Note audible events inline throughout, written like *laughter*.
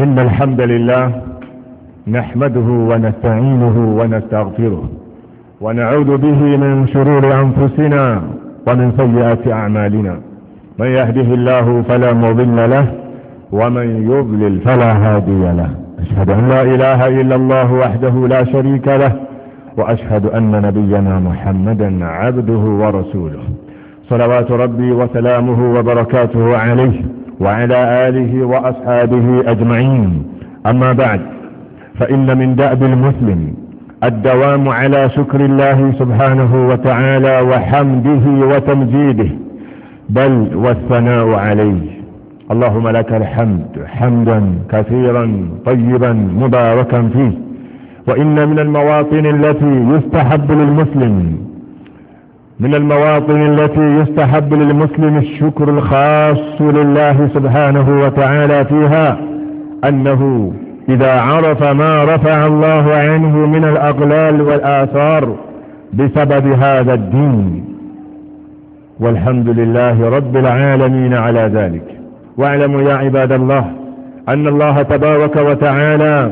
إن الحمد لله نحمده ونستعينه ونستغفره ونعوذ به من شرور أنفسنا ومن سيئات أعمالنا من يهده الله فلا مضل له ومن يضلل فلا هادي له أشهد أن لا إله إلا الله وحده لا شريك له وأشهد أن نبينا محمدا عبده ورسوله صلوات ربي وسلامه وبركاته عليه وعلى آله وأصحابه أجمعين أما بعد فإن من دأب المسلم الدوام على شكر الله سبحانه وتعالى وحمده وتمجيده بل والثناء عليه اللهم لك الحمد حمدا كثيرا طيبا مباركا فيه وإن من المواطن التي يستحب للمسلم من المواطن التي يستحب للمسلم الشكر الخاص لله سبحانه وتعالى فيها أنه إذا عرف ما رفع الله عنه من الأغلال والآثار بسبب هذا الدين والحمد لله رب العالمين على ذلك واعلموا يا عباد الله أن الله تبارك وتعالى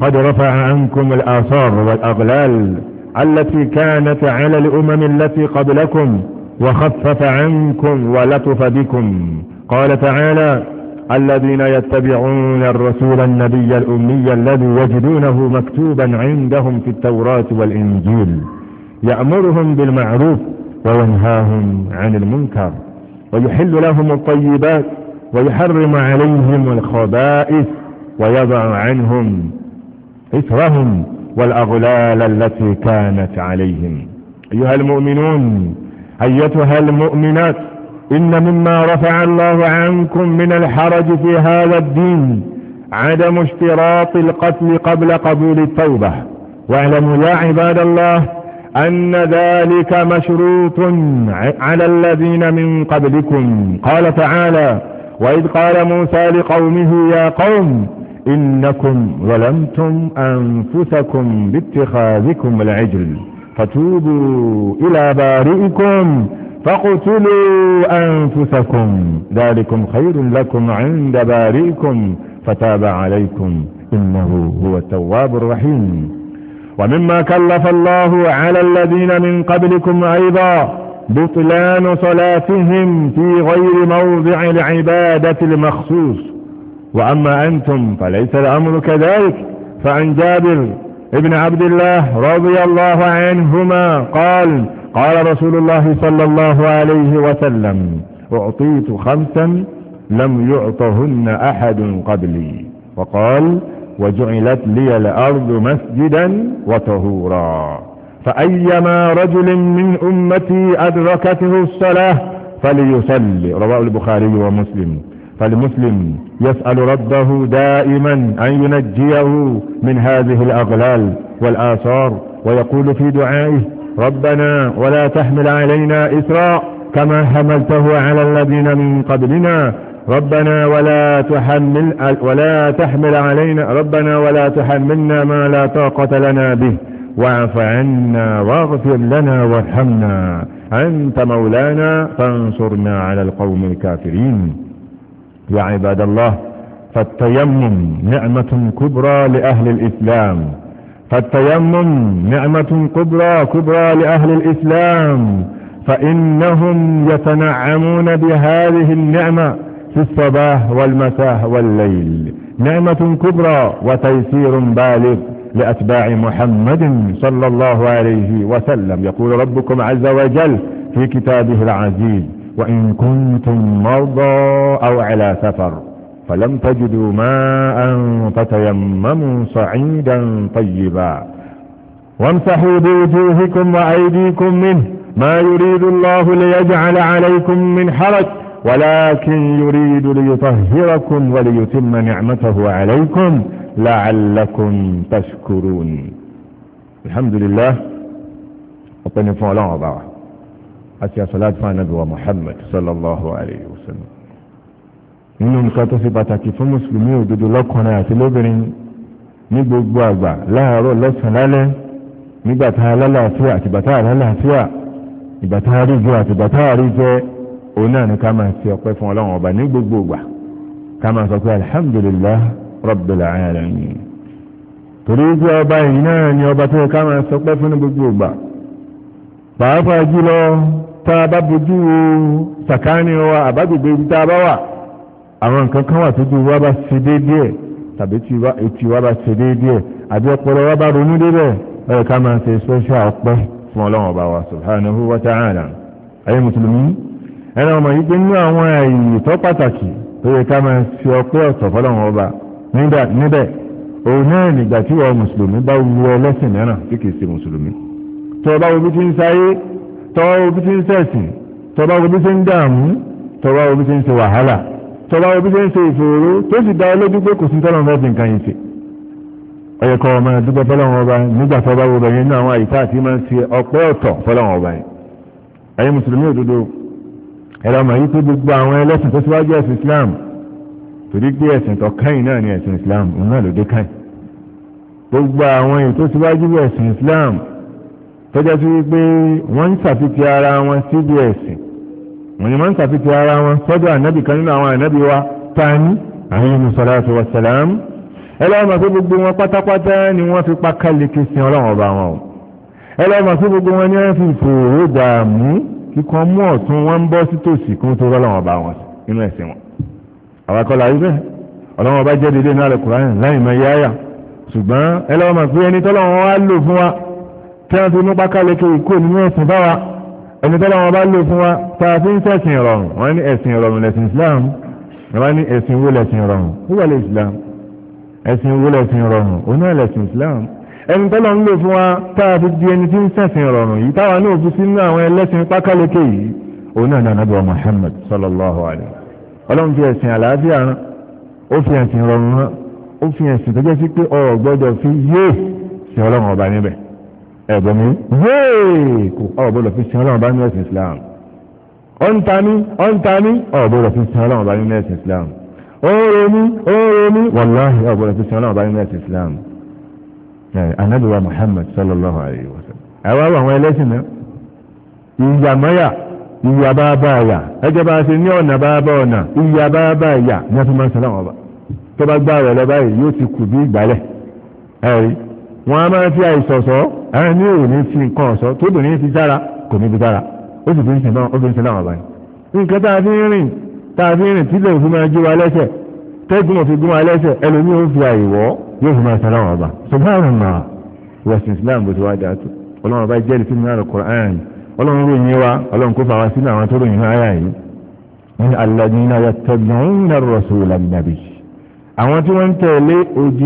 قد رفع عنكم الآثار والأغلال التي كانت على الأمم التي قبلكم وخفف عنكم ولطف بكم قال تعالى الذين يتبعون الرسول النبي الأمي الذي يجدونه مكتوبا عندهم في التوراة والإنجيل يأمرهم بالمعروف وينهاهم عن المنكر ويحل لهم الطيبات ويحرم عليهم الخبائث ويضع عنهم إثرهم والأغلال التي كانت عليهم أيها المؤمنون أيتها المؤمنات إن مما رفع الله عنكم من الحرج في هذا الدين عدم اشتراط القتل قبل قبول التوبة واعلموا يا عباد الله أن ذلك مشروط على الذين من قبلكم قال تعالى وإذ قال موسى لقومه يا قوم إنكم ظلمتم أنفسكم باتخاذكم العجل فتوبوا إلى بارئكم فاقتلوا أنفسكم ذلكم خير لكم عند بارئكم فتاب عليكم إنه هو التواب الرحيم ومما كلف الله على الذين من قبلكم أيضا بطلان صلاتهم في غير موضع العبادة المخصوص وأما أنتم فليس الأمر كذلك فعن جابر ابن عبد الله رضي الله عنهما قال قال رسول الله صلى الله عليه وسلم أعطيت خمسا لم يعطهن أحد قبلي وقال وجعلت لي الأرض مسجدا وطهورا فأيما رجل من أمتي أدركته الصلاة فليصلي رواه البخاري ومسلم فالمسلم يسأل ربه دائما أن ينجيه من هذه الأغلال والآثار ويقول في دعائه ربنا ولا تحمل علينا إسراء كما حملته على الذين من قبلنا ربنا ولا تحمل ولا تحمل علينا ربنا ولا تحملنا ما لا طاقة لنا به واعف عنا واغفر لنا وارحمنا أنت مولانا فانصرنا على القوم الكافرين يا عباد الله فالتيمم نعمة كبرى لأهل الإسلام فالتيمم نعمة كبرى كبرى لأهل الإسلام فإنهم يتنعمون بهذه النعمة في الصباح والمساء والليل نعمة كبرى وتيسير بالغ لأتباع محمد صلى الله عليه وسلم يقول ربكم عز وجل في كتابه العزيز وإن كنتم مرضى أو على سفر فلم تجدوا ماء فتيمموا صعيدا طيبا وامسحوا بوجوهكم وأيديكم منه ما يريد الله ليجعل عليكم من حرج ولكن يريد ليطهركم وليتم نعمته عليكم لعلكم تشكرون الحمد لله وطنفوا fún ọlọ́run àti àsàlátì fún ànábì wa Muhammad sallallahu alayhi wa sallam nínú nǹkan tó ṣe pàtàkì fún mùsùlùmí òdodo lọ́kùnrin àti lóbìnrin ní gbogbo àgbà láàárọ̀ lọ́sàn-án lálẹ́ nígbà tá a lálàáfíà àti bàtà àlálàáfíà ìgbà tá a rí jẹ àti bàtà àrí jẹ òun náà ni ká máa ṣe ọpẹ́ fún Ọlọ́run ọba ní gbogbo ìgbà ká máa sọ pé alhamdulillah rabbil alamin torí pé ọba yìí náà ni ọba tó yẹ ká máa sọpẹ́ fún gbogbo ìgbà pàápàá jùlọ tá a bá bójú wo sàkáání wa àbágbègbè ibi tá a bá wà àwọn nǹkan kan wà tójú wa bá ṣe déédéẹ̀ tàbí etí wa bá ṣe déédéẹ̀ àbí ọpọlọ wa bá ronú débẹ̀ ẹ̀ ká máa ṣe special ọpẹ́ fún ọlọ́run ọba wa subhanahu wa ta'ala ayé mùsùlùmí ẹ̀rọ ọmọ yìí pé nínú àwọn àyè tó pàtàkì tó yẹ ká máa ṣe ọpẹ́ ọ̀tọ̀ fọlọ́run ọba níbẹ̀ òun náà nígbà tí wọ́n mùsùlùmí bá wu ẹlẹ́sìn mìíràn tí kìí ṣe mùsùlùmí tọba obi ti ń sáyé tọba obi ti ń sẹ̀sìn tọba obi ti ń dààmú tọba obi ti ń ṣe wàhálà tọba obi ti ń ṣe ìṣòro tó sì dá olójú pé kò sí tọ́lọ̀ fẹ́ fi nǹkan yìí ṣe ọ̀yẹ̀kọ̀ ọmọ ẹ̀dúgbẹ́ fọlọ́wọn ọba nígbà tọba obi yẹn náà àwọn àyíká àti máa ń ṣe ọ̀pẹ́ ọ̀tọ̀ fọlọ́wọn ọba yẹn ẹ̀yin mùsùlùmí òdodo ẹ̀rọ màá yí pé gbogbo àwọn ẹlẹ́sìn tó síwájú ẹ̀sìn Islam torí pé ẹ̀sìn tó kẹ́yìn náà ni ẹ̀sìn Islam òun náà ló dé kẹ́yìn gbogbo àwọn èyí tó síwájú ẹ̀sìn Islam tọ́jà sí wípé wọ́n ń ṣàfitì ara wọn síbi ẹ̀sìn wọ́n ni wọ́n ń ṣàfitì ara wọn sọ́dọ̀ ànábì kan nínú àwọn ànábì wa tani àyìn musalatu wa salam ẹlọ́wọ́ màá fi gbogbo wọn pátápátá ni wọ́n fi pa kálíkì sin ọlọ́run ọba wọn o ẹlọ́wọ́ màá fi gbogbo wọn ni wọ́n fi fòrò dààmú kíkan mú ọ̀tún wọn ń bọ́ sí tòsí kún tó rọ́lọ́run ọba wọn nínú ẹ̀sìn wọn àwọn akọ́lá yìí bẹ́ẹ̀ ọlọ́run ọba jẹ́ dédé náà lẹ́kùnrin láì mọ yáyà ṣùgbọ́n ẹlọ́wọ́ màá fi ẹni tọ́lọ́run wá lò fún wa tí wọ́n fi mú pákálẹ̀ kiri kúrò nínú ẹ̀sìn báwa ẹni tọ́lá wọn bá lò fún wa tá a fi ń sẹ̀sìn ìrọ̀rùn wọ́n ní ẹ̀sìn ìrọ̀rùn lẹ̀sìn Islam wọ́n ní ẹ̀sìn wo lẹ̀sìn ìrọ̀rùn wíwà lè Islam ẹ̀sìn wo lẹ̀sìn ìrọ̀rùn òun náà lẹ̀sìn Islam ẹni tọ́lá ń lò fún wa tá a fi di ẹni tí ń sẹ̀sìn ìrọ̀rùn yìí táwa náà fi sínú àwọn ẹlẹ́sìn pákálẹ̀ kiri yìí òun náà nànà bọ̀ sallallahu alayhi ọlọ́run fi ẹ̀sìn àlàáfíà rán ó fi ẹ̀sìn rọrùn rán ó fi ẹ̀sìn tó sí pé ọ̀rọ̀ gbọ́dọ̀ fi yé sí ọlọ́run ọba níbẹ̀ ẹ̀bọ̀ mi yéè kò ọ̀bọ̀lọ̀ fi sin ọlọ́run bá ní ẹ̀sìn Islam ọ̀ntani ọ̀ntani ọ̀bọ̀lọ̀ fi sin ọlọ́run bá ní ẹ̀sìn Islam ooremi ooremi wàláhì ọ̀bọ̀lọ̀ fi sin ọlọ́run bá ní ẹ̀sìn Islam anabiwa Muhammad sallallahu alayhi wa sallam àwa wà àwọn ẹlẹ́sìn náà ìyàmọ́yà ìyà bá bá àyà ẹjọ́ bá ṣe ní ọ̀nà bá bá ọ̀nà ìyà bá bá àyà ní wọ́n fi ọba tó bá gbá rẹ̀ lọ báyìí yóò ti kù bí ìgbálẹ̀ ẹ̀rí wọn a máa fi àìsọ̀sọ́ ẹ̀rọ ní òun ní fi nǹkan ọ̀sọ́ tó bìnrin fi sára kò ní fi sára ó sì fi ń sìnà ó fi ń sìnà wọn báyìí. nǹkan tá a fi ń rìn tá a fi ń rìn tílẹ̀ òfin máa jí wa lẹ́sẹ̀ tẹ́gùn òfin gún wa lẹ́sẹ̀ ẹlòmíì ó fi àìwọ́ yóò fi máa sara wọn bá. subhanallah west islam bó ti wá dáa tó ọlọ́run bá wá sínú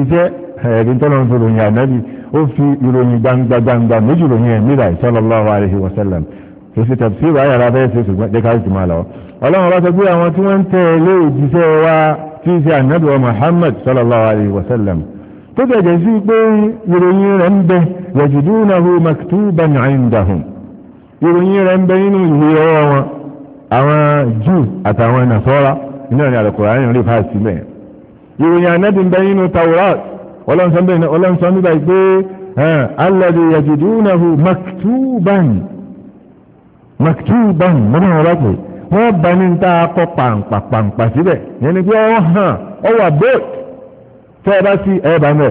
tó ròyìn ẹ̀rí tọ́lọ̀ ń fi ròyìn ànábì ó fi ìròyìn gbangba gbangba méjì ròyìn ẹ̀mí rà sallallahu alaihi wasallam kò sí tẹ̀sí ìbáyà rà bẹ́ẹ̀ ṣe ṣùgbọ́n jẹ́ ká sì máa lọ. ọlọ́run bá sọ pé àwọn tí wọ́n ń tẹ̀ lé òjíṣẹ́ wa tí ṣe ànábì wa Muhammad sallallahu alaihi wasallam tó tẹ̀jẹ̀ sí pé ìròyìn rẹ̀ ń bẹ yajidunahu maktuban indahum ìròyìn rẹ̀ ń bẹ nínú ìwé ọwọ́ wọn àwọn Júù àtàwọn Nasara nínú ìrìn àlùkò àárín rí mẹ́ ìròyìn ànábì ń bẹ nínú Taurat ọlọ́nsán nígbà pé alladhi yajidunahu maktuban maktuban mọ́nà ọ̀rọ̀ pé wọ́n bá ní ta akọ pàǹpà pàǹpà síbẹ̀ yẹn ni pé ọ hàn ọ wà bóòt tẹ́ ẹ bá sí ẹ bá mẹ́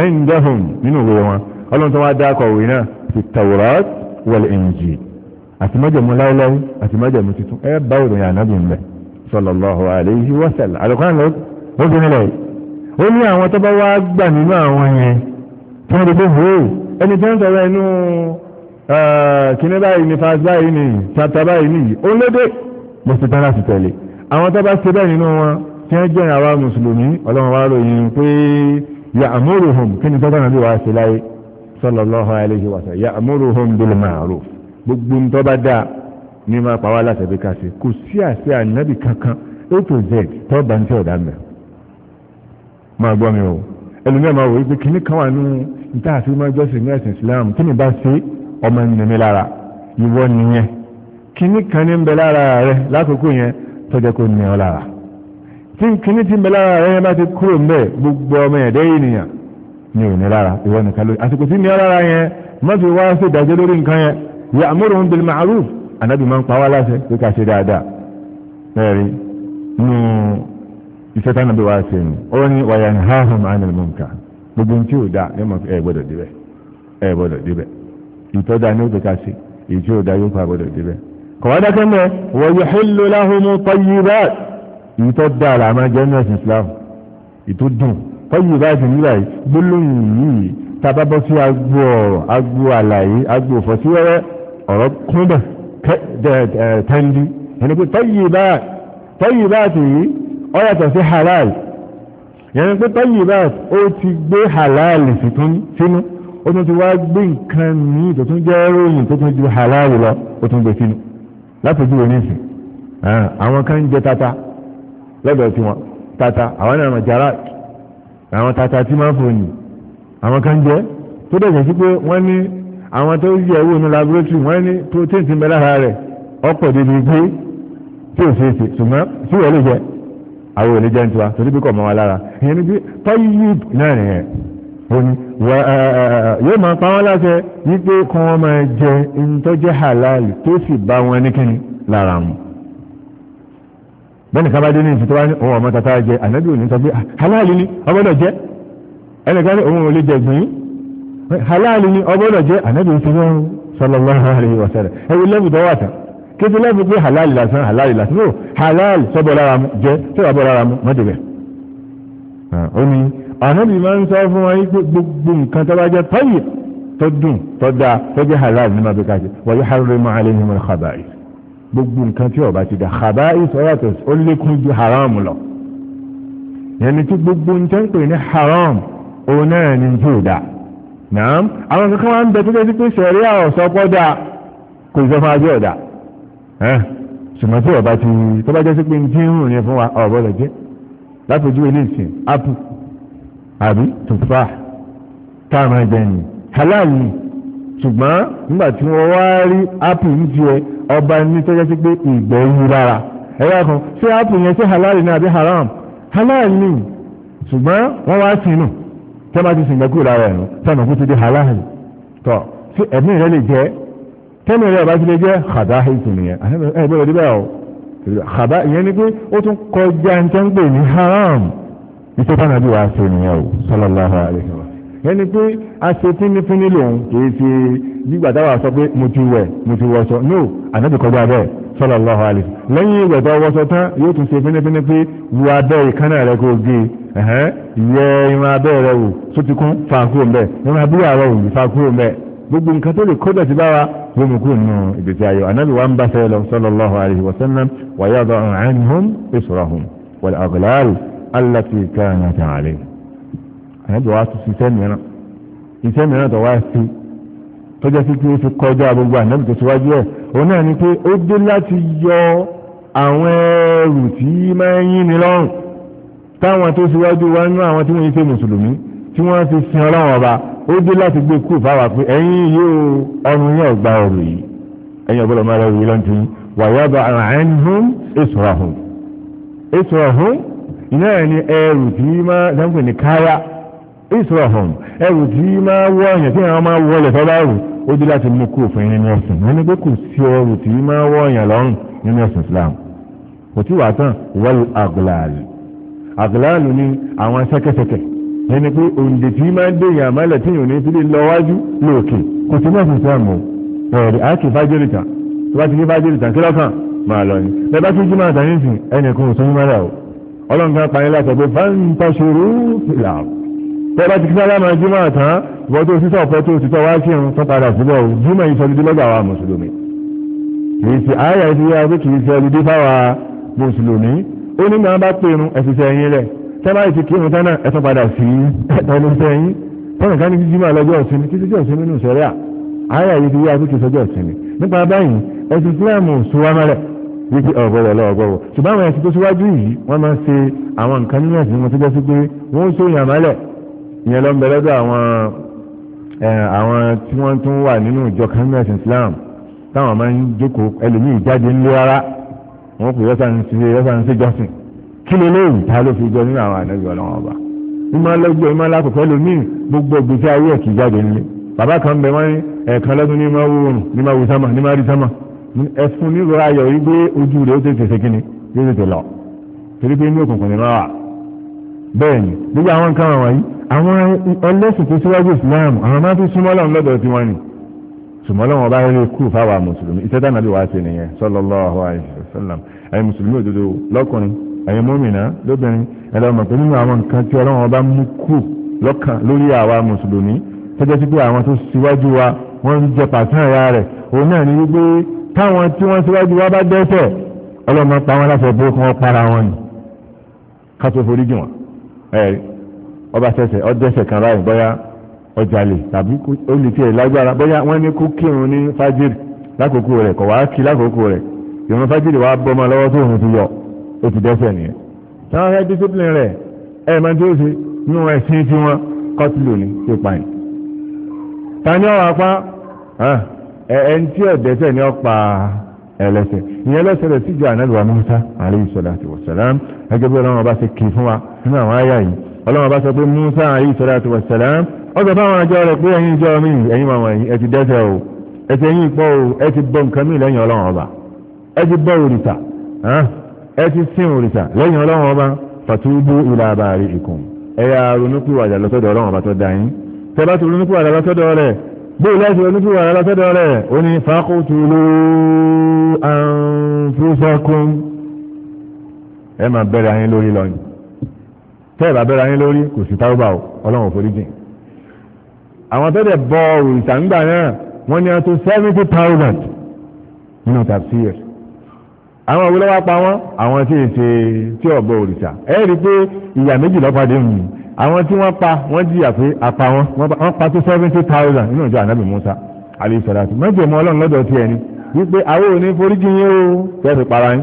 ẹ̀ ń dẹ́hùn nínú ìwé wọn ọlọ́nsán wá dá akọ̀wé náà fi tawrat wal injil àti májẹ̀mú láéláé àti májẹ̀mú tuntun ẹ bá òdòyìn ànábì ń bẹ̀ sallallahu ó ní àwọn tó bá wá gbà nínú àwọn yẹn tí wọ́n lè fẹ́ hó ẹni tí wọ́n tọrọ ẹnu kìnní báyìí ní fas báyìí ní chapta báyìí ní òun lédè mọ̀sí tán láti tẹ̀lé àwọn tó bá ṣe bẹ́ẹ̀ nínú wọn tí wọ́n jẹ́ àwa mùsùlùmí ọlọ́run wá ròyìn pé yà àmúrùhùn kí ni tọ́gbà náà bí wàá ṣe láyé sallallahu alaihi wa sallam yà àmúrùhùn bil ma'ruf gbogbo ń tọ́ba dáa ní máa pa wá látẹ̀bí ká ṣe kò sí àṣẹ ànábì máa gbọ́ mi o ẹlòmíràn máa wò wípé kíní kan wà nínú níta àfi máa jọ́sìn ní ẹ̀sìn Islam kí ni bá ṣe ọmọ ènìyàn mi lára ìwọ nìyẹn kíní kan ní ń bẹ lára rẹ lákòókò yẹn tọ́jọ́ kó ní ọ lára tí kíní ti ń bẹ lára rẹ yẹn bá ti kúrò ń bẹ gbogbo ọmọ ẹ̀dẹ́ ènìyàn ní òní lára ìwọ nìkan lórí àsìkò tí ní ọ lára yẹn má fi wá sí ìdájọ́ lórí nǹkan yẹn ya'muruhum bil ma'ruf ànábì máa ń pa wá láṣẹ pé ká ṣe dáadáa bẹ́ẹ̀ rí nínú iṣẹ́ tánà bí wá ṣe ni ó ní wàyà ń ha hàn máa nílùú nǹkan gbogbo tí ò dá yóò mọ̀ ẹ gbọ́dọ̀ débẹ̀ ẹ gbọ́dọ̀ débẹ̀ ìtọ́jà ní òkè ká sí èyí tí ò dá yóò pa gbọ́dọ̀ débẹ̀ kọ̀wádá kẹ́mẹ́ wọ̀yọ̀ hìlò láhùnmú tọ́yìbá ìtọ́ dá àlàmà jẹ́nẹ́s islam ìtò dùn tọ́yìbá ti ní báyìí gbólóhùn yìí tábàbọ́ sí agbó ọ̀rọ̀ agbó àlàyé agbó fọ̀síwẹ́rẹ́ ọ̀rọ̀ kúndà tẹ́ndí ẹni pé tọ́yìbá ti ó yàtọ̀ sí halal yẹn pé tayyibat ó ti gbé halal sínú ó tún ti wá gbé nǹkan míì tó tún jẹ́ ròyìn tó tún ju halal lọ ó tún gbé sínú látòjú oníṣìn ah, àwọn kan ń jẹ tata lọ́dọ̀ tí wọn tata àwọn náà jara àwọn tata tí máa fò ní àwọn kan jẹ tó dẹ̀ sí pé wọ́n ní àwọn tó yẹ owó ní laboratory wọ́n ní protein ti ń bẹ lára rẹ̀ ọ̀pọ̀ débi gbé tí ò ṣeé ṣe ṣùgbọ́n tí lè jẹ àwọn òní jẹ́ ntiwa torí bí kò mọ́ wa lára ìyẹn ni bí tọ́yìí náà nìyẹn ó ní yóò máa pa wọ́n láṣẹ wípé kí wọ́n máa jẹ ntọ́jẹ́ halal tó sì bá wọn ní kíni lára mu bẹ́ẹ̀ni kábàdé ní ìfìtọ́ wa ní òun ọmọ tata jẹ ànábì òní sọ ah, halal ni ọgbọ́dọ̀ jẹ ẹnìkan ní òun ò lè jẹ gbìn halal ni ọgbọ́dọ̀ jẹ ànábì òní sọ sallallahu alaihi wasallam kéde lẹ́bi pé halal lásán halal lásán no halal sọ́bọ̀ lára mu jẹ́ sọ́bọ̀ bọ̀ lára mu mọ́tò bẹ̀. ó ní ànábì máa ń sọ fún wa pé gbogbo nǹkan tó bá jẹ́ tọ́yì tó dùn tó dáa tó jẹ́ halal ní máa bí káṣí wọ́n yóò hàrúrẹ́ mọ́ alẹ́ ní mọ́ra khaba'is gbogbo nǹkan tí ó bá ti dá khaba'is ọ̀rọ̀ tó ó lékún ju haram lọ. yẹn tí gbogbo ń tẹ́ ní haram òun náà ni tí ò dáa àwọn kankan wá ń bẹ tó jẹ́ sí pé sẹ̀ríà ọ̀sọ́pọ̀ dáa kò ìsọfún ajé ọ̀dáa ṣùgbọ́n tí ọba ti tó bá jẹ́ sí pé ń dín rùn yẹn fún wa ọ̀bọ rẹ̀ jẹ́ ilé ìsìn apu àbí tòfà táwọn ẹgbẹ́ halal ni ṣùgbọ́n nígbà tí wọ́n wá rí apu ń tiẹ̀ ọba ní tó jẹ́ sí pé ìgbẹ́ rárá ẹ̀yà kan ṣé apu yẹn ṣé halal ni àbí haram halal ni ṣùgbọ́n wọ́n wá bá ti lára ẹ̀rọ tẹ́lẹ̀ rẹ̀ bá ti lè jẹ́ ṣàdá ètò nìyẹn ẹgbẹ́rẹ̀ díbẹ̀ ọ̀ ṣàdá ìyẹn ni pé ó tún kọjá ń tẹ́ ń pè ní haram ìṣe tánàbí wa ṣe nìyẹn o sallallahu alaihi wa ìyẹn ni pé a ṣe fínífíní lòun kìí ṣe gbígbà táwa sọ pé mo ti wẹ̀ mo ti wọṣọ no ànábì kọjá bẹ́ẹ̀ sallallahu alaihi lẹ́yìn ìwẹ̀ tó wọṣọ tán yóò tún ṣe fínífíní pé wo abẹ́ ìkánná rẹ kó gé e. yẹ irun abẹ́ rẹ wò sótikún fa kúrò mbẹ́ irun abúlé àrẹ wò fa kúrò mbẹ́ gbogbo nǹkan tó lè kó dọ̀tí bá yóò mú kúrò nínú ìgbésí ayọ̀ anábì wa ń bá sẹ́lọ sallallahu alaihi wa sallam wa yada'u anhum israhum wal aghlal allati kanat alayhim anábì wa tún iṣẹ́ mìíràn iṣẹ́ mìíràn tó wá sí tó jẹ́ sí kí ó fi kọjá gbogbo anábì tó síwájú ẹ̀ òun náà ni pé ó dé láti yọ àwọn ẹrù tí máa ń yín ni lọ́rùn táwọn tó síwájú wa nú àwọn tí wọ́n yí ṣe mùsùlùmí tí wọ́n fi sin ọlọ́run ọba ó dé láti gbé kú fáwà pé ẹ̀yin yóò ọrùn yóò gba ọ̀rọ̀ yìí ẹ̀yin ọ̀gbọ́dọ̀ máa rẹ̀ wí lọ́ntì wàyábà àrùn ìṣòràhùn ìṣòràhùn iná ẹ̀ ní ẹrù tí máa dáńpé ní káyà ìṣòràhùn ẹrù tí máa wọ ọ̀yàn tí wọ́n máa wọlé fọ́lá ẹrù ó dé láti mú kú òfin nínú ẹ̀sìn wọn ni pé kò sí ẹrù tí máa wọ ọ̀yàn lọ́rùn nínú ẹ̀sìn Islam kò tí wàá tán wọ́n àgùlàlù àgùlàlù ni àwọn sẹ́kẹ́sẹ́kẹ́ ẹni pé òǹdè tí máa ń dèyàn àmàlẹ̀ tí yòó ní ti lè lọ́wájú lóòkè kò sí mọ́ fìfẹ́ àmọ́ ẹ̀rí àkè fájìrìtà tó bá ti ní fájìrìtà kí lọ́kàn máa lọ ni bẹ́ẹ̀ bá tún jí máa tàn nísìn ẹnìkan ò sọ́yún mọ́ra o ọlọ́run kan parí láti ọgbẹ́ fáńtàṣerú fìlà bẹ́ẹ̀ bá ti kí sálámà jí máa tàn ìwọ tó sísọ ọ̀pọ̀ tó sísọ wá sí irun tó padà síbọ̀ o jí máa sọ dídí lọ́gbà wa mùsùlùmí kìí ṣe àyà ìṣe yára pé kìí ṣe ọdún dé fáwa mùsùlùmí ó ní màá bá pè irun ẹ̀sìṣẹ́ yín lẹ̀ tẹ́lá ìfi kí wọn tánà ẹ̀tọ́ padà sí ẹnu sẹ́yìn tọ́nà ká ní jíjí máa lọ́jọ́ ọ̀sìn kí síjọ́ ọ̀sìn nínú sẹ́rẹ́ àárẹ̀ yìí ti yá àbúkì sọ́jọ́ ọ̀sìn ni nípa báyìí ẹ̀sìn Ìsìláàmù sùnwá mẹ́rẹ̀ wípé ọ̀gọ́wọ̀ lọ́gọ́wọ̀ ṣùgbọ́n àwọn ẹ̀sìn tó síwájú yìí wọ́n máa ń ṣe àwọn nǹkan nínú ẹ̀sìn wọn tó jẹ́ sí pé wọ́n sọ ìyàn mẹ́lẹ̀ ìyẹn lọ ń bẹ lọ́dọ̀ àwọn Islam táwọn máa ń jókòó ẹlòmíì jáde ńlé rárá wọ́n pè yọ́sà ń kí ni lóyún ta ló fi jọ nínú àwọn ànábì ọlọ́wọ́n ọba ìmọ̀ lọ́jọ́ ìmọ̀ lákòókò lómi gbogbo gbèsè ayé ẹ̀kì jáde nílé bàbá kan bẹ wọ́n ní ẹ̀ẹ̀kan lọ́dún ní máa wòrùn ní máa wò sámà ní máa rí sámà ẹ̀fún nílò ayọ̀ yìí gbé ojú rẹ̀ ó tètè ṣe kíni yóò tètè lọ torí pé inú òkùnkùn ni máa wà bẹ́ẹ̀ ni gbogbo àwọn nǹkan wọ̀nyí àwọn ọlẹ́sìn tó síwájú Islam àwọn máa fi súnmọ́ lọ́run lọ́dọ̀ tí wọ́n ni súnmọ́ lọ́run ọba rere kú fáwọn mùsùlùmí iṣẹ́ tánàbí wàá ṣe nìyẹn sallallahu alaihi wasallam ẹ̀yin mùsùlùmí òdodo lọ́kùnrin ẹ̀yin mọ́mìnà lóbìnrin ẹlọ́mọ̀ pé nínú àwọn nǹkan tí ọlọ́run ọba mú kù lọ́kàn lórí àwa mùsùlùmí tẹ́jọ́ sí pé àwọn tó síwájú wa wọ́n ń jẹ pàtàn ẹ̀yà rẹ̀ òun náà ni wípé táwọn tí wọ́n síwájú wa bá dẹ́ṣẹ̀ ọlọ́mọ pa wọn láṣẹ pé kí wọ́n para wọn ni ká tó forí jìn wọn ẹ̀rí ọba ṣẹ̀ṣẹ̀ ó dẹ́ṣẹ̀ kan báyìí bóyá ó jalè tàbí ó lè tiẹ̀ lágbára bóyá wọ́n ní kó kírun ní fájìrì lákòókò rẹ̀ kọ̀ wá kí lákòókò rẹ̀ ìrun fájìrì wa bọ́ ọmọ lọ́wọ́ tó òun ti yọ ó ti dẹ́sẹ̀ nìyẹn táwọn fẹ́ discipline rẹ̀ ẹ̀ máa tí ó ṣe nínú ẹ̀sìn tí wọ́n kọ́tìlù ní tó pa yìí tani ọ̀rọ̀ apá ẹni tí ó dẹ́sẹ̀ ni ó pa ẹlẹ́sẹ̀ ìyẹn lẹ́sẹ̀ rẹ̀ síjọ ànábìwá Musa alayhi salatu wa salam ẹgbẹ́ bí ọlọ́run ọba ṣe kì í fún wa nínú àwọn àyà yìí ọlọ́run ọba sọ pé Musa alayhi salatu wa salam ọgbà báwọn àjọ rẹ̀ pé ẹ̀yin ìjọ mi ẹ̀yin màmá ẹ̀yin ẹ ti dẹ́sẹ̀ o ẹ ti ẹ̀yin ìpọ́ o ẹ ti bọ nǹkan mi lẹ́yìn ọlọ́run ọba ẹ ti bọ òrìṣà ẹ ti sin òrìṣà lẹ́yìn ọlọ́run ọba fàtúbú ìlà àbàrí ìkùn ẹ̀yà ronúpìwàdà lọ́sọ́dọ̀ ọlọ́run ọba tó dá yín tẹ́ bá ti ronúpìwàdà lọ́sọ́dọ̀ rẹ̀ bóò láti ronúpìwàdà lọ́sọ́dọ̀ rẹ̀ ó ní fàkótóló àǹfúsakún ẹ máa bẹ̀rẹ̀ ayín lórí lọ́yìn tẹ́ ẹ̀ bá bẹ̀rẹ̀ ayín lórí kò sí táwọ́bà ọlọ́run òforíjìn àwọn tẹ́lẹ̀ bọ òrìṣà ńgbà náà wọ́n ní a tó seventy thousand nínú tàbí àwọn olówó apá wọn àwọn tí ì ṣe tí ọ̀bọ òrìṣà ẹ rí i pé ìyà méjì lọ́pàdé mi àwọn tí wọ́n pa wọ́n jìyà pé apá wọn wọ́n pa tó seventy thousand nínú ìjọ ànábì Musa alayhi salatu mẹ́jọ mọ́ ọlọ́run lọ́dọ̀ tiẹ̀ ni wípé àwọn ò ní foríjì yín o fẹ́ẹ́ para yín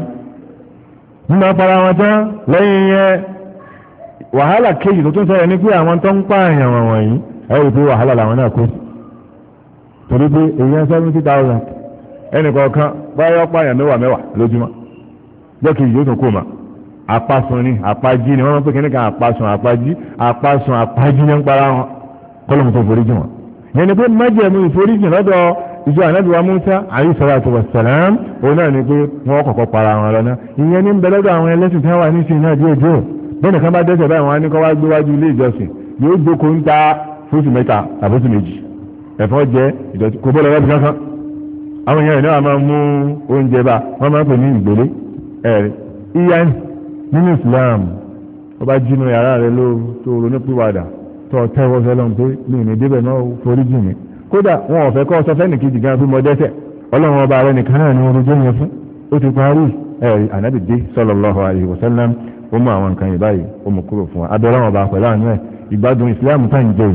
nígbà para wọn tán lẹ́yìn yẹn wàhálà kejì tó tún sọ̀rọ̀ ni pé àwọn tó ń pààyàn wọ̀nyí ẹ rí i pé wàhálà làwọn náà kó torí pé èèyàn seventy thousand ẹnì kọ̀ọ̀kan báyọ̀ pààyàn mẹ́wàá mẹ́wàá lójúmọ́ jọ́kejì yóò tún kó ma apasun ni apají ni wọ́n máa ń pè kí ní kan apasun apají apasun apají ní ń para wọn kọ́lọ́mù tó foríjì wọn. yẹn pé májẹ̀mú ìforíjì lọ́dọ̀ ìjọ ànábì wa Musa alayhi salatu wa salam òun náà ni pé wọ́n kọ́kọ́ para wọn lọ́nà ìyẹn ní ń bẹ àwọn ẹlẹ́sìn tí wọ́n wà ní ìsìn náà díẹ̀ díẹ̀ bẹ́ẹ̀ nìkan bá dẹ́sẹ̀ báyìí wọn á ní kọ́ wá gbé wájú ilé ìjọsìn yóò jókòó ń ta fóṣù mẹ́ta àbóṣù méjì ẹ̀fọ́ jẹ́ ìdọ̀tí kò bọ́ lọ́wọ́ bí kankan àwọn èèyàn ìnáwó máa mú oúnjẹ bá wọ́n máa pè ní ìgbélé ẹ̀rí ìyá nínú Islam tó bá jínú yàrá rẹ lóru tó ronú pìwàdà tó tẹ́wọ́ sọlọ́n pé mi ò ní débẹ̀ náà forí jì mí kódà wọn ò fẹ́ kọ́ sọ fẹ́ni kejì gan fún mo dẹ́ṣẹ̀ ọlọ́run ọba rẹ nìkan náà ni oorun jẹ́ yẹn fún ó ti parí ẹ̀rí ànábìdé sallallahu alaihi wasallam ó mú àwọn nǹkan yìí báyìí ó mú kúrò fún wa abẹ́rẹ́ wọn ọba pẹ̀lú àánú ẹ̀ ìgbádùn Islam tá ń jẹun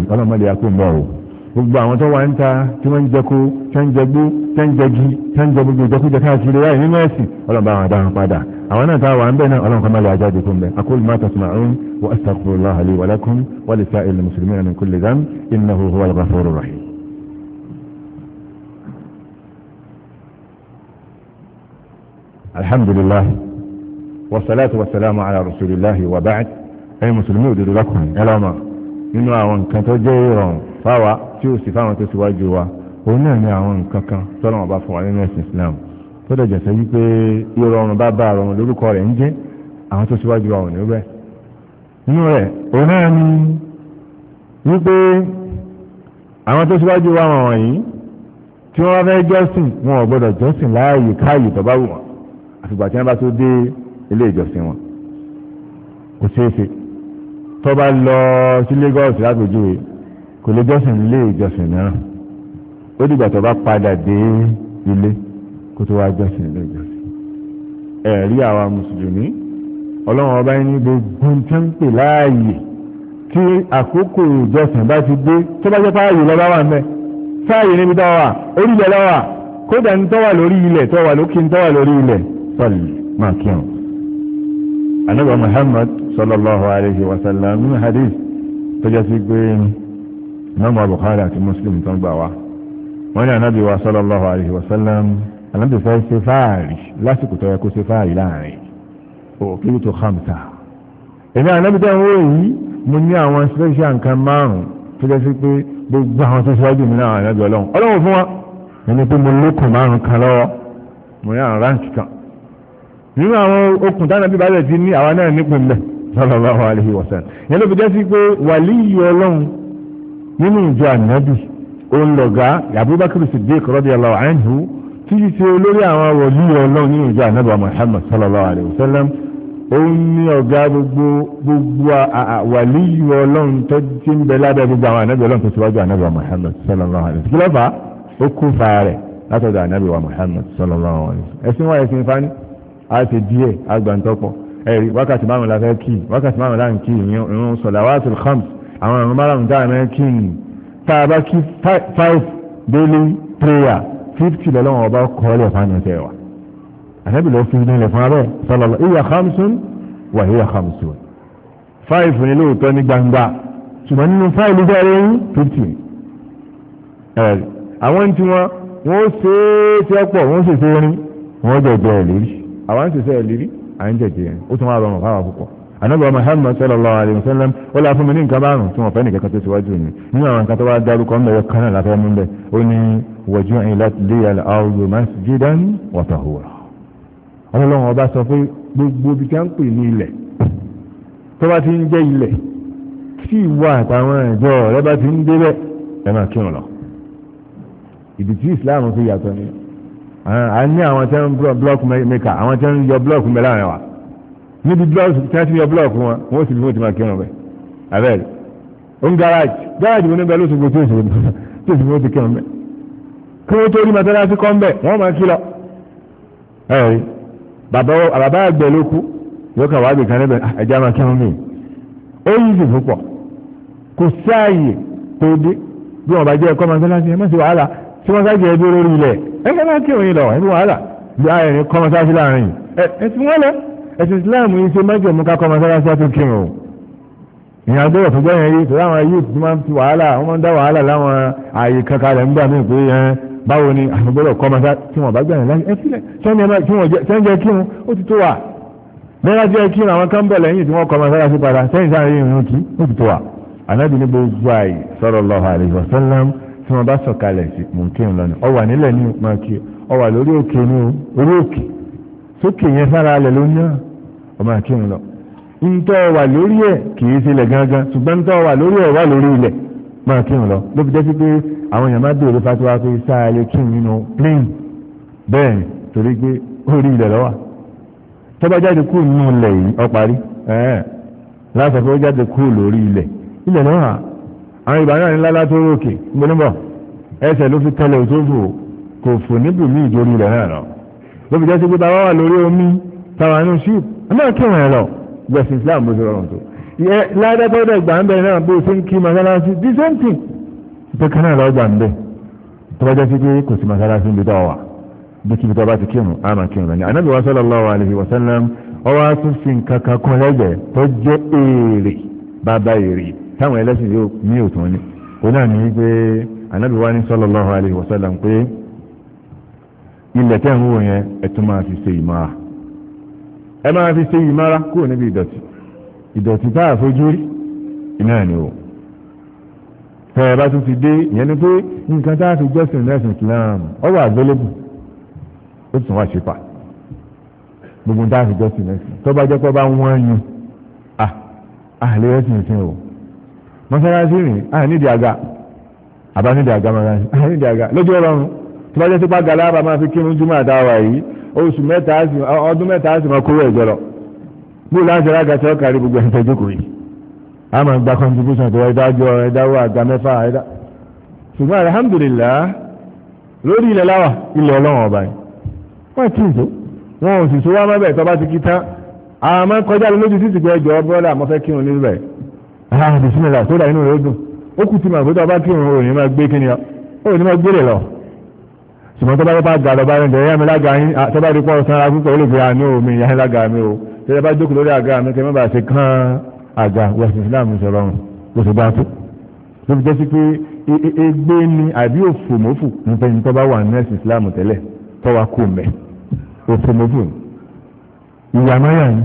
gbogbo àwọn tó wà ń ta tí wọ́n ń jẹko tí wọ́n ń jẹgbó tí wọ́n ń jẹgi tí wọ́n ń jẹ gbogbo ìjẹkújẹ káàkiri láì nínú ẹ̀sìn ọlọ́ba àwọn àdáhùn padà àwọn náà táwà ń bẹ̀ náà ọlọ́run kan máa lè ajáde fún bẹ́ẹ̀ aqulu ma tasma'un wa astaghfirullaha li wa lakum wa li sa'il muslimina min kulli dhanb innahu huwal ghafurur rahim alhamdulillah wasalaatu wasalaamu ala rasulillahi wa ba'd ẹ̀yin mùsùlùmí òdodo lọ́kùnrin ẹ lọ́mọ nínú àwọn nǹkan tó jẹ́ ìrọ̀rùn fáwa tí ó sì fáwọn tó síwájú wa òun náà ní àwọn nǹkan kan tọ́lọ́ wọn bá fún wa nínú ẹ̀sìn Islam tó dẹ̀ jẹ̀sẹ̀ wípé ìrọ̀rùn bá bá àrọ̀rùn lórúkọ rẹ̀ ń jẹ́ àwọn tó síwájú wa ò ní rẹ̀ nínú rẹ̀ òun náà ní wípé àwọn tó síwájú wa wọn wọ̀nyí tí wọ́n bá fẹ́ jọ́sìn wọn ò gbọ́dọ̀ jọ́sìn láàyè káàyè tó bá wù wọn àfìgbà tí wọ́n bá tó dé ilé ìjọsìn wọn kò ṣeé ṣe tó bá lọ sí Lagos lápèjúwe kò lè jọ́sìn ilé ìjọsìn mìíràn ó dìgbà tó bá padà dé ilé kó tó wá jọ́sìn ilé ìjọsìn ẹ̀rí àwa mùsùlùmí ọlọ́run ọba ní gbogbo tí ń pè láàyè tí àkókò ìjọsìn bá ti dé tó bá jẹ́ fáàyè lọ́ba wà mẹ́ fáàyè níbi tó wà orílẹ̀ lọ́wà kódà ń tọ́wà lórí ilẹ̀ tọ́wà lókè ń tọ́wà lórí ilẹ̀ sọ̀lì máa kí ọ̀hún. Muhammad sallallahu alayhi wa sallam nínú hadith tó jẹ́ sí pé mọ́mọ́ Bukhari àti Muslim tó ń gbà wá wọ́n ní anábì wa sallallahu alayhi wa sallam anábì fẹ́ ṣe fáàrí lásìkò tó yẹ kó ṣe fáàrí láàrin òkèlú tó hamsa èmi anábì tó ń wò yìí mo ní àwọn special nǹkan márùn-ún tó jẹ́ sí pé gbogbo àwọn tó ṣíwájú mi náà anábì ọlọ́run ọlọ́run fún wa ẹni pé mo lókun márùn kan lọ́wọ́ mo ní àwọn ráǹkì kan nínú àwọn okùn tánàbí bá rẹ̀ ti ní àwa náà nípìn sallallahu alayhi wa sallam yẹn ló fi jẹ́ sí pé wàlíyìí ọlọ́run nínú ìjọ ànábì òun lọ̀gá Abubakar Siddiq radiyallahu anhu títí tí olórí àwọn wọ̀lú ọlọ́run nínú ìjọ ànábì Muhammad sallallahu alayhi wa sallam òun ní ọ̀gá gbogbo gbogbo wàlíyù ọlọ́run tó ti ń bẹ lábẹ́ gbogbo àwọn ànábì ọlọ́run tó síwájú ànábì Muhammad sallallahu alayhi wa sallam kí ló fà á ó kún fa rẹ̀ látọ̀dọ̀ ànábì wa Muhammad sallallahu alayhi wa sallam ẹ̀sìn wa ẹ̀sìn fani a ti díẹ̀ agbàntọ́pọ̀ ẹ̀rí wákàtí márùn-ún la fẹ́ wákàtí márùn-ún la ìrún sọ̀làwátìl khams àwọn àrùn márùn tá a máa kí bá kí five daily prayer fifty lọ́lọ́wọ́ ọba kọ́ọ̀lẹ̀ fáwọn wa ànábì lọ fi nílẹ̀ fún abẹ́ sọlọ́lọ́ ìyá hamsun wà ìyá hamsun five ni lóòótọ́ ní gbangba ṣùgbọ́n nínú fáìlì bẹ́ẹ̀rẹ̀ yín fifty ẹ̀rì àwọn tí wọ́n wọ́n ṣe é tí ó pọ̀ wọ́n ṣèṣe rin wọ́n jẹ̀jẹ̀ lérí àwọn ṣèṣe ẹ̀ lérí à ń jẹ̀jẹ̀ ó tún wá rọrùn fáwọn púpọ̀ anábọ̀ Muhammad sallallahu alayhi wa sallam ó lọ fún mi ní nǹkan márùn tí wọ́n fẹ́ nìkan tó síwájú mi nínú àwọn nǹkan tó wá dárúkọ mẹ́wọ́ kan náà láfẹ́ mú bẹ́ ó ní wọ̀jú ìlàtílẹ̀ al-ardu masjidan wa tahura ọlọ́run ọba sọ pé gbogbo ibi tí a ń pè ní ilẹ̀ tó bá ti ń jẹ́ ilẹ̀ tí ìwà àtàwọn ẹ̀jọ́ rẹ bá ti ń débẹ̀ ẹ máa kírun lọ ìdí tí Islam fi yàtọ̀ ni a ní àwọn tí wọ́n ń blọ́ọ̀kì mẹ́ka àwọn tí níbi blọọsì tí wọ́n ti yọ blọọkù wọn wọ́n sì fi fún ìtìmọ̀ kírun bẹ́ẹ̀ abẹ́rẹ́ ó ń gáràjì gáràjì mo ní bẹ́ẹ̀ lóṣogbo tó ìṣòro tó ìṣòro tó ti kírun bẹ́ẹ̀ kí wọ́n tó rí mọ́tálásí kọ́ ń bẹ̀ wọ́n máa kí lọ. ẹ̀rí bàbá àgbẹ̀ ló kú yóò kà wáàbì kan níbẹ̀ ah, ẹja máa kírun mi ó yí sì púpọ̀ kò sáàyè tó dé bí wọ́n bá jẹ́ ẹ̀kọ́ ẹ̀sìn Islam yìí ṣe májèmú kákọ́ mọ́sálásí àti kírun o ìyẹn agbẹ́rẹ̀ fún gbẹ́yẹn yìí tó láwọn youth máa ń fi wàhálà wọ́n máa ń dá wàhálà láwọn ààyè kankan rẹ̀ ń gbà mí pé yẹn báwo ni àgbẹ̀rẹ̀ kọ́ mọ́sá tí wọ́n bá gbẹ̀yẹn láti ẹ̀fílẹ̀ sẹ́ńjẹ́ kírun ó ti tó wà bẹ́ẹ̀ jẹ́ kírun àwọn kan bọ̀ lẹ́yìn tí wọ́n kọ́ mọ́sálásí padà sẹ́yìn sáré ìrìn òkì ó ti tó wà anábì ní gbogbo àyè sallallahu alaihi wasallam tí wọ́n bá sọ̀kalẹ̀ sí mùkín lọ́nà ó wà ní sókè yẹn sára alẹ̀ ló ní ọmọ àkírun lọ ntọ́ wà lórí ẹ̀ kìí sílẹ̀ gangan ṣùgbọ́n ntọ́ wà lórí ẹ̀ wà lórí ilẹ̀ máa n lọ ló fi jẹ́ sí pé àwọn èèyàn máa béèrè fatiwa pé sáà lè kírun nínú bẹ́ẹ̀ torí pé orí ilẹ̀ lọ́wà tọ́ba jáde kú nínú ilẹ̀ yìí ọparí láti ọ̀fẹ́ jáde kú lórí ilẹ̀ ilẹ̀ lọ́wà àwọn ìgbà náà ní lálá tó rókè gbónúbọ̀ ẹsẹ̀ ló fi tẹ́lẹ̀ òtófò kò fò níbùmí ìjórí ilẹ̀ náà ló fi jẹ́ sí pé bá wà lórí omi tàwa nù ship ọmọ kírun ẹ̀ lọ gbẹ̀sìn Islam bó ṣe rọrùn tó ládàbọ̀dọ̀ gbà ń bẹ̀ náà bó ṣe ń kí masalasi the same thing pé kan náà lọ gbà ń bẹ̀ tó bá jẹ́ sí pé kò sí masalasi níbi tó wà bí kí bá ti kírun á máa kírun lọ ní anábì wa sallallahu alayhi wa sallam ọwọ́ tún fi nǹkan kan kan lẹ́gbẹ̀ẹ́ tó jẹ́ èrè bàbá èrè táwọn ẹlẹ́sìn yóò ní òtún ní òun náà ní pé anábì wa ní sallallahu alayhi wa sallam pé ilẹ̀ tẹ́ ń wò yẹn ẹ tún máa fi ṣe ìmára ẹ máa fi ṣe ìmára kúrò níbi ìdọ̀tí ìdọ̀tí tá a fojú rí iná ni o tẹ́ ẹ bá tún ti dé ìyẹn ni pé nǹkan tá a fi jọ́sìn lẹ́sìn Islam ó wà available ó tún wá ṣe pa gbogbo tá a fi jọ́sìn lẹ́sìn tó bá jẹ́ pé bá wọ́n yun à àlẹ́ ẹ̀sìn ìsìn o mọ́sálásí rìn à nídìí àga àbá nídìí àga mọ́sálásí à nídìí àga lójú ọ̀rọ̀ tí wọ́n sípá galaba máa fi kírun júmọ̀ àtàwà yìí oṣù mẹ́ta ọdún mẹ́ta sì máa kówó ẹ̀jọ́ lọ bó láti rága tí ó kárí gbogbo ẹ̀ńtẹ́ jókòó yìí a máa gba contribution tó ẹ̀dájọ́ ẹ̀dáwó àgbà mẹ́fà ẹ̀dá ṣùgbọ́n alhamdulillah lórí ilẹ̀ láwà ilẹ̀ ọlọ́wọ̀n ọba yìí wọ́n ti tó wọn ò sì tó wá mẹ́bẹ̀ tó bá ti kí tán àmọ́ kọjá lójú títì pé ẹjọ́ bọ́lá àmọ́ fẹ́ kírun níbẹ̀ ah bismillah tó dà inú rẹ̀ ó dùn ṣùgbọ́n tó bá yẹpa ga lọ́ba rẹ̀ ẹ̀yà mi lága yín tó bá rí pọ́ sanra púpọ̀ ó lè fi àánú omi ìyá yín lága mi o tó yẹ bá jókòó lórí àga mi kẹ́ mẹ́bà ṣe kán àga west islam sọ̀rọ̀ ọ̀hún kò sì gbà tó ló fi jẹ́ sí pé e, e, egbe ni àbí òfòmófò nípa ẹni tó bá wà nẹ́ẹ̀sì islam tẹ́lẹ̀ tó wá kú mẹ́ òfòmófò ìyá mayà ni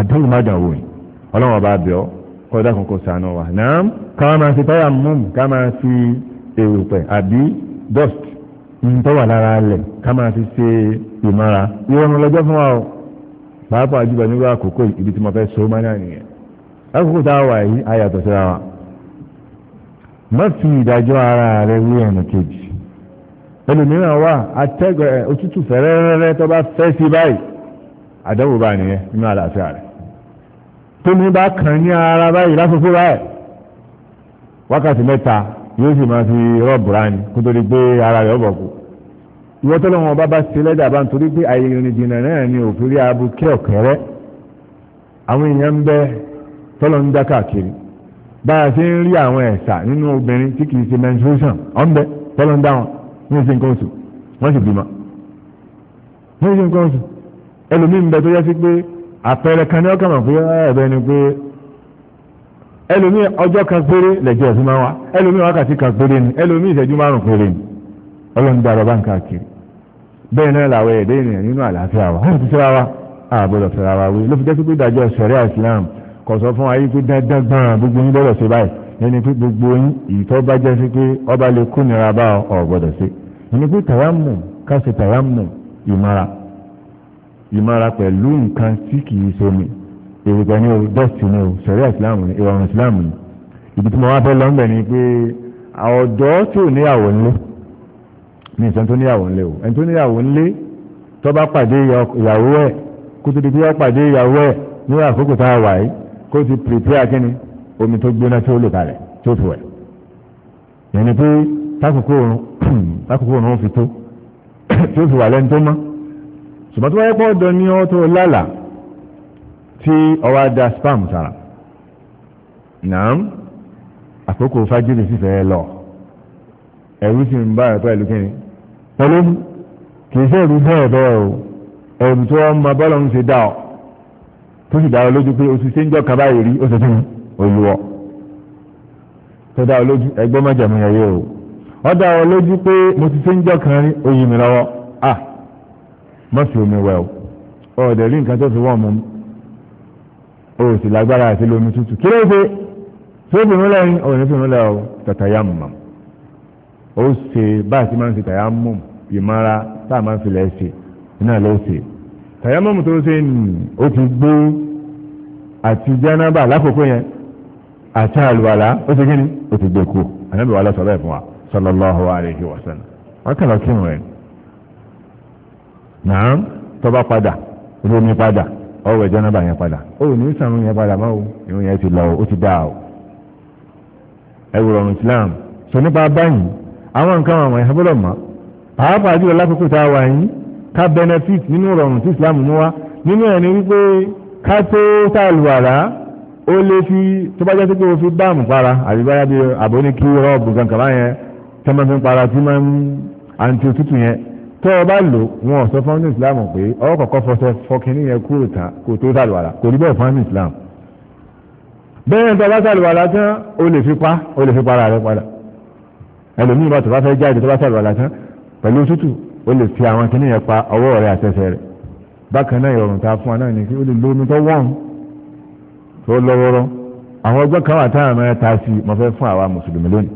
àdéhùn má dà wò ni ọlọ́run ọba bẹ̀ ọ́ kọ́dá kòkó sànù wa náà ká máa fi táyà mú dust ń tọ́wà lára lẹ̀ ká máa fi ṣe ìmọ̀ra ìrọ̀rùn lọ́jọ́ fún wa pàápàá ibi tí mo so ma nìyẹn Akụkụ tá a wà yìí wa má fi ìdájọ́ ara rẹ wí ọ̀nà kejì ẹlòmíràn wà atẹ́gọ̀ òtútù fẹ́rẹ́rẹ́rẹ́ tó bá fẹ́ sí báyìí àdánwò bá nìyẹn nínú àlàáfíà rẹ̀ tómi bá kàn ara báyìí báyìí wákàtí mẹ́ta yóò sì máa fi rọ́ọ̀bù rání kó tó di pé ara rẹ̀ ọ̀bọ̀ kù ìwọ́n tó lọ́wọ́ bá bá ṣe lẹ́dà bá ń torí pé ayẹyẹrin jìnnà náà ni òfin rí abu kí ọ̀kẹ́rẹ́ àwọn èèyàn ń bẹ tọ́lọ ń dá káàkiri bá a ṣe ń rí àwọn ẹ̀sà nínú obìnrin tí kìí ṣe menstruation ọ̀n bẹ tọ́lọ ń dá wọn wọ́n ṣe nǹkan oṣù wọ́n sì bímọ wọ́n ṣe nǹkan oṣù ẹlòmíín bẹ tó yẹ sí pé àpẹẹrẹ kan ní ọkàn ẹlòmí ọjọ́ kan péré lẹ́jọ́ ẹ̀sìn máa wá ẹlòmí wákàtí kan péré ni ẹlòmí ìṣẹ́jú márùn péré ni ọlọ́run dá rọ́bà nǹkan kiri bẹ́ẹ̀ náà làwọn ẹ̀dẹ́ ènìyàn nínú àlàáfíà wa wọ́n ti sọ́ra wa àbọ̀dọ̀ sọ́ra wa wí ló fi jẹ́ pé ìdájọ́ sọ̀rẹ́ àìsílámù kò sọ fún ayé pé dandan gbọ́n gbogbo yín gbọ́dọ̀ ṣe báyìí ẹni pé gbogbo yín ìtọ́ bá jẹ́ sí pé ọba lè kú nira bá ọ gbọ́dọ̀ ṣe ẹni pé tàyámù ká ṣe tàyámù ìmara ìmara pẹ̀lú nǹkan èròjà ni o dọ́ọ̀tì ni o sẹ̀rí ìsìláàmù ni ìrọ̀rùn ìsìláàmù ni ìdí tí mo wá fẹ́ lọ́ńbẹ̀ ni pé ọ̀dọ́ tí ò níyàwó ńlé ní ìsàn tó níyàwó ńlé o ẹni tó níyàwó ńlé tó bá pàdé ìyàwó ẹ̀ kó tó di pé ó pàdé ìyàwó ẹ̀ ní àkókò tá a wà yìí kó ti prepare kíni omi tó gbóná tí ó lò kalẹ̀ tí ó fi wẹ̀ yẹn ni pé tákòkò òrùn *clears throat* tákòkò òrùn fi tó *clears throat* tí ó fi wà lẹ́ni tó mọ́ ṣùgbọ́n tó wáyé pọ́ tí ọwá da spam sára naam àkókò fájìrì sì fẹ́ lọ ẹ̀rú sì ń bá ẹ̀ pẹ̀lú kíni pẹ̀lú kìí ṣe ẹ̀rú bẹ́ẹ̀ bẹ́ẹ̀ o ẹ̀rù tó ọmọ bọ́lọ̀ ń ṣe dá ọ tó sì dá ọ lójú pé oṣù ṣe ń jọ kaba yìí rí oṣù fún olùwọ tó dá ọ lójú ẹgbẹ́ mọ́jàmú ẹ̀yẹ o ọ dá ọ lójú pé mo ti ṣe ń jọ kan rí oyin mi lọ́wọ́ ah mọ́sí omi wẹ̀ o ọ̀ọ́dẹ̀ rí nǹkan tó fi wọ́n mu o sì lágbára àti lomi tútù kí ló dé sóbìnrin lẹ́yìn o tàtàyàmùmọ̀ ó ṣe bá a ti máa ń ṣe tàyàmùm ìmara tá a máa ń fi ṣe náà ló ṣe tàyàmùm tó ṣe ó ti gbó àti jánábà lákòókò yẹn àti àlùwàlá ó ṣe kíni ó ti gbé kú sọ bẹ́ẹ̀ fún wa sallallahu alayhi wọn kàn lọ padà padà. ọwọ́ ẹ̀jọ́ náà bà yẹn padà ó ní sàrún yẹn padà máa ìrun yẹn ti lọ ó ti dáa o ẹ̀rù ọ̀run Islam sọ nípa báyìí àwọn nǹkan àwọn ẹ̀hán bọ́dọ̀ mọ́ pàápàá jùlọ lákòókò tá a wà yín ká benefit nínú ọ̀run tí Islam mú wá nínú ẹ̀ ni wípé ká tó sàlùwàrà ó lé fi tó bá jẹ́ sí pé o fi báàmù para àbí báyà bí àbóníkí rọ́ọ̀bù kankan báyẹn tẹ́mọ́fín para tí máa ń àǹtí òtútù yẹn tọ́ ọ bá lò wọn sọ fún ní islam pé ọwọ́ kọ̀ọ̀kọ́ fọṣọ fọkìnní yẹn kúrò tán kò tó sàlùwàlà kò rí bẹ́ẹ̀ fún islam bẹ́ẹ̀ tọ́ bá sàlùwàlà tán o lè fi pa o lè fi para rẹ padà ẹlòmíì bá tó bá fẹ́ jáde tó bá sàlùwàlà tán pẹ̀lú òtútù o lè fi àwọn kìnní yẹn pa ọwọ́ rẹ àtẹsẹ̀ rẹ bákan náà ìrọ̀rùn ta fún ọ náà ni kí o lè lómi tó wọ́n tó lọ́wọ́rọ́ àwọn ọgbọ́n kan wà táwọn ọmọ ẹ̀ta sí mo fẹ́ fún àwa mùsùlùmí lónìí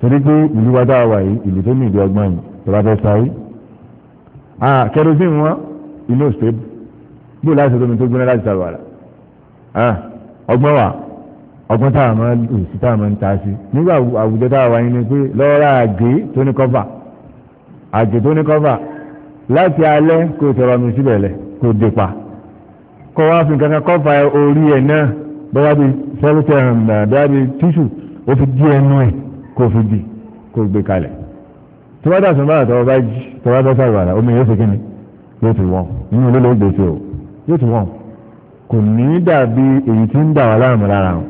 torí pé ìlú wa dáwà yìí ìlú tó ní ìlú ọgbọ́n yìí tó bá fẹ́ sáré Ah, kerosene wọn inú stable bó láti omi tó gbóná láti ta wàrà ah, ọgbọ́n wa ọgbọ́n táwa máa ń lò sí táwa máa ń ta sí nígbà àwùjọ táwa wáyé ni pé lọ́ọ́rọ́ àgé tó ní kọ́fà àgé tó ní kọ́fà láti alẹ́ kó tọrọ mi síbẹ̀ lẹ̀ kó dé pa kọ́ wá fi nǹkan kan kọ́fà orí ẹ̀ náà bọ́lá bíi sẹ́lítẹ̀ ẹ̀ bọ́lá bíi tíṣù ó fi di ẹnu ẹ̀ kó fi di kó gbé kalẹ̀ tí wọ́n dàsùn báyà tọ́wọ́ bá jí tọ́wọ́ bá sàgbàrà omi yóò fi kí ni yóò ti wọ́n inú olólo gbèsè o yóò ti wọ́n kò ní dàbí èyí tí ń dà wà láàmú lára wọn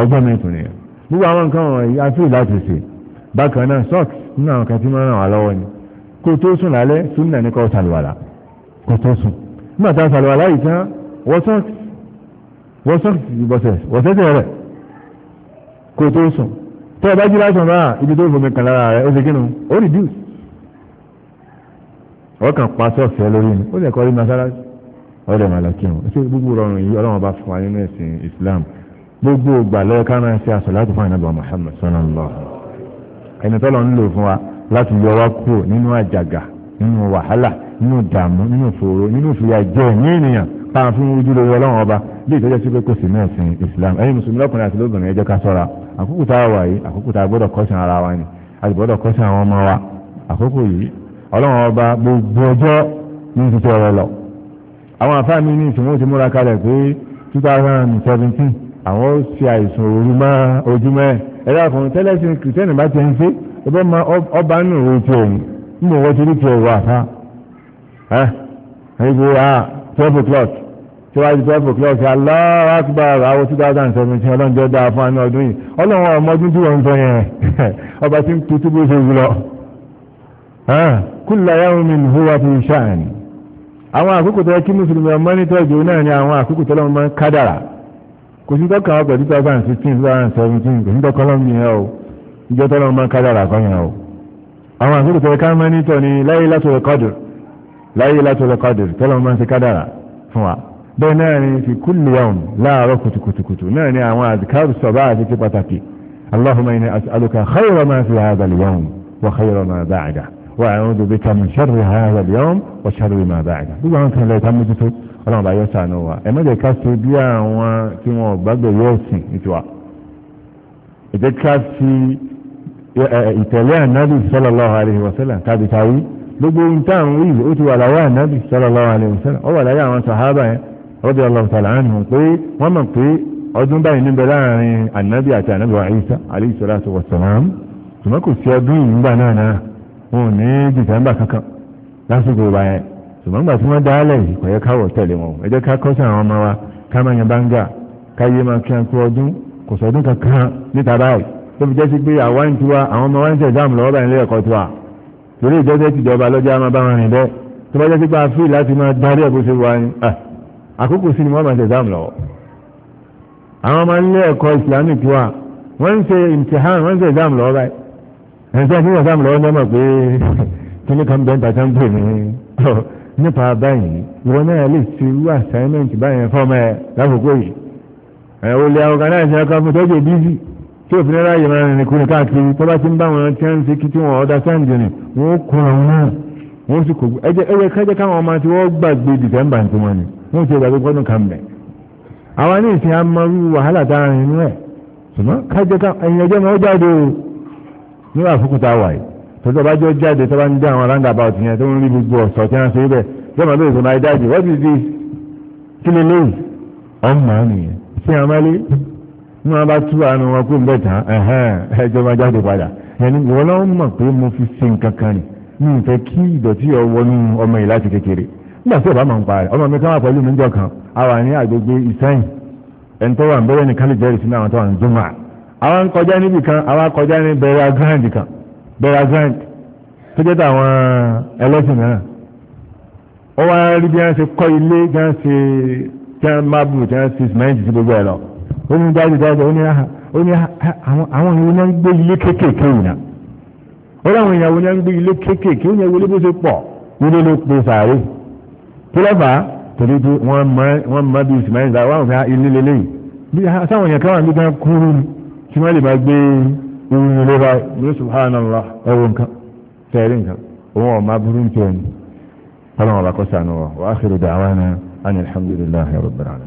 ọgbọ́n mi tún nìyẹn gbogbo àwọn nǹkan wọ̀nyí afíì láti ṣe bákan náà sọ́ọ̀kì nínú àwọn kan tí máa ń ràn wá lọ́wọ́ ni kó tó sùn lálẹ́ súnà ní kó sàlùwàlà kó tó sùn nígbà tá a sàlùwàlà yìí tán wọ́n sọ́ọ̀kì wọ́n sọ́ọ̀kì bọ́sẹ̀ wọ́sẹ̀sẹ̀ rẹ̀ kó tó sùn tó ọba jí lásán náà ibi tó fomi kan lára rẹ̀ ó ṣe kínú ó reduce ọkàn pa sọ́ọ̀sì ẹ lórí ni ó lè kọ́ rí masalasi ọ̀rẹ́ màlàkíhùn ṣé gbogbo rọrùn yìí ọlọ́run bá fún wa nínú ẹ̀sìn Islam gbogbo ògbà lọ́yọ́ ká máa ń ṣe àṣọ láti fún àyìnbá Muhammad sallallahu ẹni tọ́lọ̀ ń lò fún wa láti yọ wá kúrò nínú àjàgà nínú wàhálà nínú dààmú nínú ìfòòró nínú ìfìyàjẹ ní ènìyàn táwọn fún ojú lórí ọlọ́run ọba bí ìtọ́jú sí pé kò sí ní ẹ̀sìn Islam ẹ̀yin mùsùlùmí lọ́kùnrin àti lóbìnrin ẹ jẹ́ ká ṣọ́ra àkókò tá a wà yìí àkókò tá a gbọ́dọ̀ kọ́sàn ara wa ni a sì gbọ́dọ̀ kọ́sàn àwọn ọmọ wa àkókò yìí ọlọ́run ọba gbogbo ọjọ́ ní títí ọ̀rọ̀ lọ àwọn àfáà mi ní ìsìnkú ti múra kalẹ̀ pé 2017 àwọn ó ṣe àìsàn òru mọ́ ojúmọ́ ẹ̀ ẹ̀rọ àfọ̀n tẹ́lẹ̀ sí kìrìtẹ́nì bá ti ń ṣe ẹgbẹ́ ma ọba nù òun òun nígbà wọ́n ti rí ti ọ̀rọ̀ àfá ẹ̀ ẹ̀ gbogbo ah o'clock tí wáyé twelve o'clock Allahu Akbar àwọn two thousand and seventeen ọlọ́njọ́ dáa fún àánú ọdún yìí ọlọ́run ọmọdún tí wọ́n ń sọ yẹn *laughs* ọba tí ń tutù bó ṣe wù lọ. kulla yawmin huwa fi sha'n àwọn àkókò tó yẹ kí mùsùlùmí ọmọ ní tọ́jú náà ni àwọn àkókò tó lọ́mọ ń kádàrà kò sí tọ́ka ọgbẹ̀ two tọ́ka ń kádàrà bẹ́ẹ̀ náà ni fi kulli yawm láàárọ̀ kùtùkùtùkùtù náà ni àwọn àdìkárù sọ̀bá àti ti pàtàkì allahumma inni as'aluka khayra ma fi hadha al-yawm wa khayra ma ba'da wa a'udhu bika min sharri hadha al-yawm wa sharri ma ba'da gbogbo àwọn kan lẹ́ta mójútó ọlọ́run bá yọ sànù wa ẹ má jẹ́ ká so bí àwọn tí wọn gbàgbé yóò sìn ìtura ẹ jẹ́ ká fi ìtẹ̀lé ànábì sallallahu alaihi wa sallam tàbí tàwí gbogbo ohun táwọn wíìlì ó ti wà láyé ànábì sallallahu alaihi wa sallam ó wà láyé àwọn sàhábà yẹn radiyallahu ta'ala anhu pé wọ́n mọ̀ pé ọdún báyìí níbẹ̀ láàrin ànábì àti ànábì wa Isa alayhi salatu wa salam ṣùgbọ́n kò sí ọdún yìí nígbà náà náà wọn ò ní dìtẹ́mbà kankan lásìkò ìgbà yẹn ṣùgbọ́n gbà tí wọ́n dá lẹ̀ yìí kò yẹ káwọ̀ tẹ̀lé wọn ẹ jẹ́ ká kọ́sí àwọn ọmọ wa ká máa yan báńgà ká yé máa kí ẹnkú ọdún kò sọdún kankan níta báyìí tó fi jẹ́ sí pé àwa ń tiwa àwọn ọmọ àkókò sí ni wọ́n máa ṣe exam lọ́wọ́ àwọn ọmọ ilé ẹ̀kọ́ islamic wa wọ́n ń ṣe imtihan wọ́n ń ṣe exam lọ́wọ́ báyìí ẹ̀ṣẹ́ fún exam lọ́wọ́ náà mọ̀ pé kíní kan bẹ́ẹ̀ tàbí ń pè ní *laughs* nípa báyìí ìwọ náà lè ṣe irú assignment báyìí fọ́ọ̀mù ẹ̀ lákòókò yìí ẹ̀ o lè organize ẹ̀kọ́ fún tọ́jú bíbí tí òfin ẹ̀rọ ayẹ̀mọ́ ẹ̀rìn kúrò káàkiri tó bá ti ń bá wọn tí wọ́n ń ṣe kí tí ọ̀dà sáǹdì ni wọ́n kọ́ àwọn náà wọ́n sì kò ẹjẹ́ ẹwẹ́ kẹ́jẹ́ káwọn ọmọ tí wọ́n gbàgbé dìtẹ́mbà tí wọ́n ni wọ́n ti gbàgbé gbọ́dún kan bẹ̀. àwọn ní ìsìn amọ̀rú wàhálà tá a rìn inú ẹ̀ ṣùgbọ́n kẹ́jẹ́ ẹ̀yìn ẹjẹ́ wọn jáde o ní àfukùtà wà yìí tó tó bá jọ jáde tó bá ń dá àwọn roundabout yẹn tó ń rí gbogbo ọ̀sọ̀ tí wọ́n ṣe bẹ̀ jọ́mọ̀ lóye tó máa dájú wọ́n ti di kí ni lóyè ọmọ nìyẹn sí amálé ní wọn bá tú àánú wọn kú ń bẹ̀ tán ẹ̀hẹ́n ẹjọ́ máa jáde padà ẹni ìwọ́n lọ́wọ́ mọ̀ pé mo fi ṣe nǹkan kan nìyẹn mi ò fẹ́ kí ìdọ̀tí ọ wọnú ọmọ yìí láti kékeré nígbà tí ọba máa ń parẹ́ ọmọ mi ká wà pẹ̀lú mi jọ kan a wà ní agbègbè ìsẹ́yìn ẹni tó wà ń bẹ̀rẹ̀ ní kálí jẹ́rìí sínú àwọn tó wà ń zuma àwọn kọjá níbì kan àwọn kọjá ní bẹ̀rẹ̀ grand kan bẹ̀rẹ̀ grand tó jẹ́ táwọn ẹlẹ́sìn náà ó wá rí bí wọ́n ṣe kọ́ ilé bí wọ́n ṣe tí wọ́n máa bù tí wọ́n ṣe sìmẹ́ǹtì sí gbogbo ẹ̀ lọ ó ní dájú dájú ó ní àwọn ìwé gbé ilé kéékèèké yìí náà ó láwọn ìyàwó yẹn ń gbé ilé kéékèèké ó yẹn wọlé bó ṣe pọ̀ nílé ló pe sàárè kí lọ́fà torí pé wọ́n mọ bí ìsìnmáyé ìgbà wọ́n fẹ́ ilé lélẹ́yìn bí sáwọn yẹn káwọn nígbà kúrú tí wọ́n lè máa gbé irun ilé wa ní subhanallah ẹwọ nǹkan tẹ̀rí nǹkan òun ọ̀ burú nítorí ọlọ́run ọba kọ́sà nù wọ́n wa akhiru da'wana ani alhamdulillahi rabbil alamin.